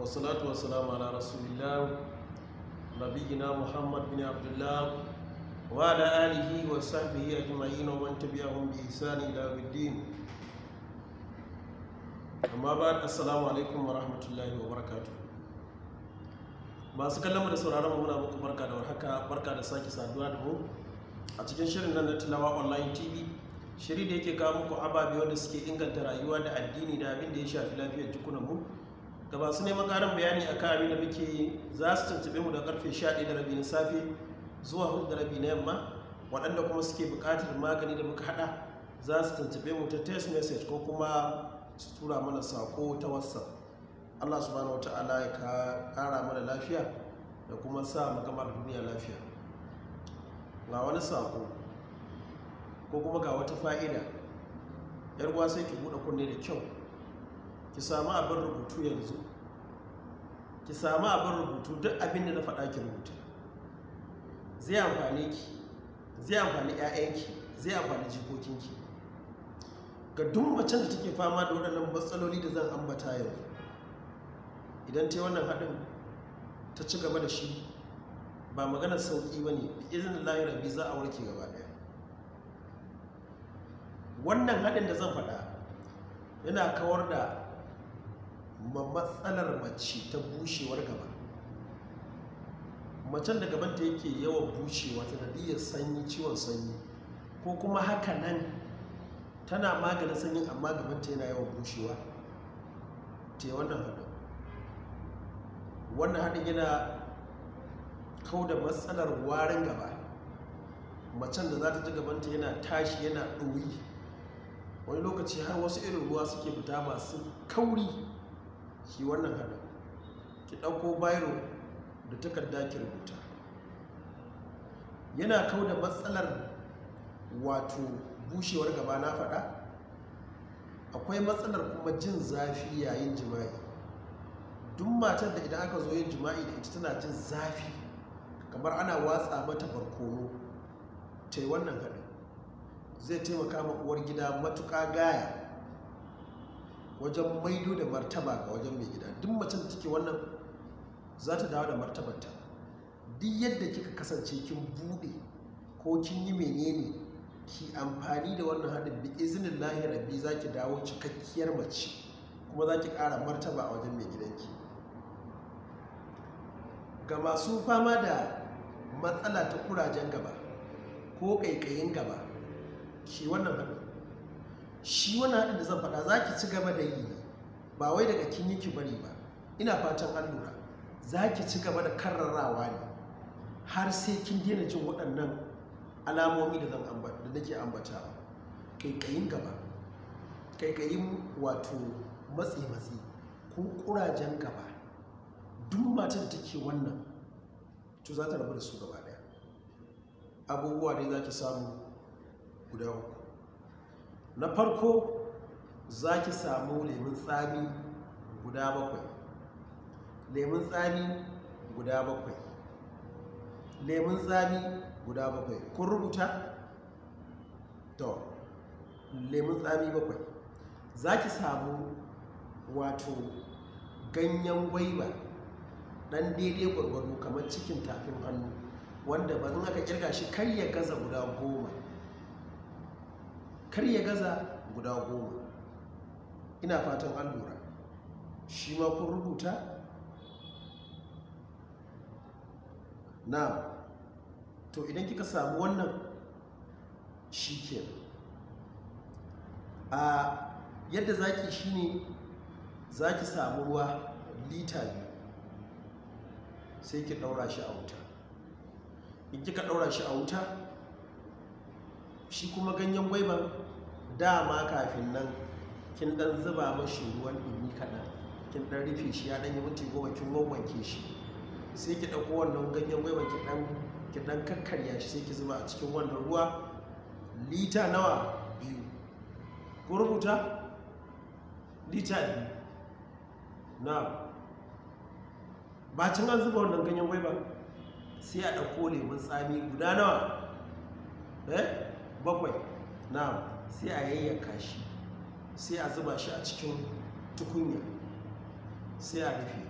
wasalatu wasalamu ala rasulillah nabiyina muhammad bin abdullah wa ala alihi wa sahbihi ajma'in wa man tabi'ahum bi ihsani ila yawmiddin amma ba assalamu alaikum wa rahmatullahi wa barakatuh masu kallon da sauraron muna muku barka da warhaka barka da sake saduwa da mu a cikin shirin nan na tilawa online tv shiri da yake kawo muku ababe wanda suke inganta rayuwa da addini da abin da ya shafi lafiyar jikunanmu mu ga su neman karin bayani a kan abin da muke za su tuntube mu da karfe 11 da rabi na safe zuwa 4 da rabi na yamma waɗanda kuma suke buƙatar magani da muka haɗa za su tuntube mu ta text message ko kuma su tura mana sako ta whatsapp allah subhanahu wa ta'ala ya ƙara mana lafiya da kuma sa mu gama duniya lafiya ga wani sako ko kuma ga wata fa'ida yar sai ki buɗe kunne da kyau ki samu abin rubutu yanzu ki samu abin rubutu duk abin da na faɗa ki rubuta zai amfani ki zai amfani ƴaƴanki zai amfani jikokinki ga duk macen da take fama da waɗannan matsaloli da zan ambata yau idan ta yi wannan haɗin ta ci gaba da shi ba maganar sauƙi ba ne izin rabi za a warke gaba ɗaya wannan haɗin da zan faɗa yana kawar da Ma matsalar mace ta bushewar gaba macen da gabanta yake yawan bushewa ta nadiyar sanyi ciwon sanyi ko kuma haka nan tana maganin sanyi amma gabanta yana yawan bushewa ta yi wannan haɗin wannan haɗin yana kau da matsalar warin gaba macen da za ta ji gabanta yana tashi yana ɗoyi wani lokaci har wasu irin ruwa suke fita masu kauri shi wannan hada ki ɗauko bairo da takarda ki rubuta yana kau da matsalar wato bushewar gaba na faɗa akwai matsalar kuma jin zafi yayin jima'i duk matar da idan aka zo yin jima'i da ita tana jin zafi kamar ana watsa mata barkono ta yi wannan hada zai taimaka ma uwar gida matuƙa gaya wajen maido da martaba ga wajen mai gida duk macen da take wannan za ta dawo da martabarta duk yadda kika kasance kin bude ko kin yi menene ki amfani da wannan haɗin bi izinin lahi rabbi za ki dawo cikakkiyar mace kuma za ki ƙara martaba a wajen mai gidanki ga masu fama da matsala ta kurajen gaba ko ƙaiƙayin gaba ki wannan hadin shi wani haɗin da zan faɗa za ki ci gaba da yi ba wai daga kin yi ki bari ba ina fatan an lura za ki ci gaba da karrarawa ne har sai kin gina jin waɗannan alamomi da zan ambata da nake kaikayin gaba kaikayin wato matsi matsi ko kurajen gaba duk matar da take wannan to za ta rabu da su gaba daya abubuwa dai za ki samu guda uku na farko za ki samu lemun tsami guda bakwai lemun tsami guda bakwai lemun tsami guda bakwai kun rubuta? to lemun tsami bakwai za ki samu wato ganyen gwaiba dan daidai gwargwado kamar cikin tafin hannu wanda ba zan aka kirga shi kai ya gaza guda goma karye gaza guda goma ina fatan an lura shi ma kun rubuta na to idan kika samu wannan shi ke a yadda zaki za zaki samu ruwa lita biyu sai ki ɗaura shi a wuta in kika ɗaura shi a wuta shi kuma ganyen gwaiban dama kafin nan kin dan zuba mashi ruwan dumi kaɗan kin dan rufe shi ya dan yi minti goma kin wanke shi sai ki ɗauko wannan ganyen gwaiban ki dan ki dan kakkarya shi sai ki zuba a cikin wannan ruwa lita nawa biyu ko rubuta lita biyu na ba cin an zuba wannan ganyen gwaiban sai a ɗauko lemun tsami guda nawa eh bakwai na sai a yayyanka shi sai a zuba shi a cikin tukunya sai a rufe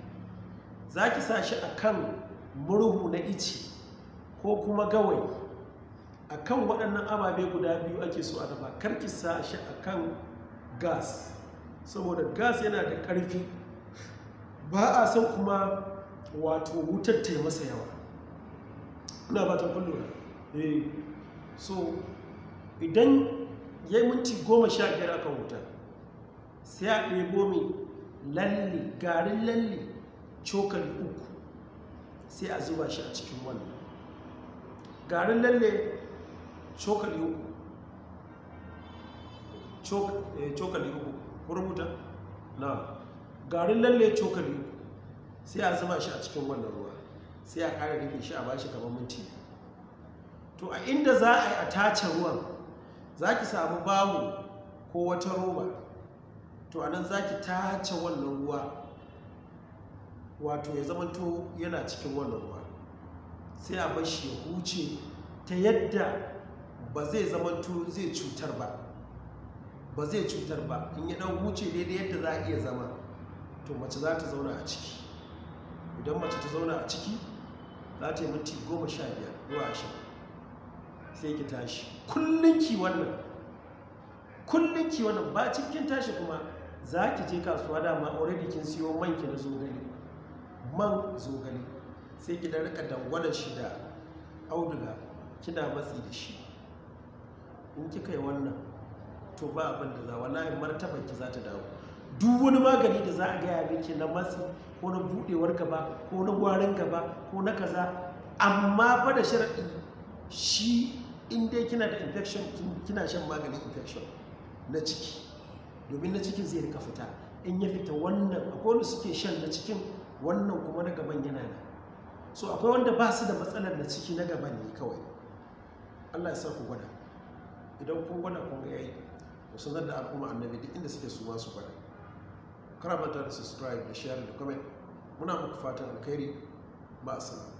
za ki sa shi a kan murhu na ice ko kuma gawai a kan waɗannan ababe guda biyu ake so a dafa karki sa shi a kan gas saboda gas yana da ƙarfi ba a son kuma wato wutar taimasa yawa ina ba ta kullum eh. so idan ya yi minti goma sha biyar aka wuta sai a ɗaya gomi lalle garin lalle cokali uku sai a zuba shi a cikin wannan garin lalle cokali uku eh, cokali uku ku rubuta na garin lalle cokali uku sai a zuba shi a cikin wannan ruwa sai a ƙara rike shi a bashi kamar minti to a inda za a yi a tace ruwan za ki samu bawo ko wata roba to anan za ki tace wannan ruwa wato ya zamanto yana cikin wannan ruwa sai a bar shi ya huce ta yadda ba zai zamanto zai cutar ba ba zai cutar ba in ya dan huce daidai yadda za a iya zama to mace za ta zauna a ciki idan mace ta zauna a ciki za ta yi minti goma sha biyar zuwa ashirin sai ki tashi kullum ki wannan kullum ki wannan ba cikin tashi kuma za ki je kasuwa dama already kin siyo man ki na zogale man zogale sai ki dan rika dangwalar shi da auduga kina matsi da shi in kika yi wannan to ba abin da za wallahi martaban ki za ta dawo duk wani magani da za a gaya miki na matsi ko na buɗewar gaba ko na gwarin gaba ko na kaza amma fa da sharaɗi shi in dai kina da infection kina shan maganin infection na ciki domin na cikin zai rika fita in ya fita wannan akwai wanda suke shan na cikin wannan kuma na gaban yana ne so akwai wanda ba su da matsalar na ciki na gaban ne kawai allah ya sa ku gwada idan kun gwada kun ga yayi ku sanar da al'umma annabi duk inda suke su ma su gwada karamata da subscribe da share da comment muna muku fatan alkhairi ba assalam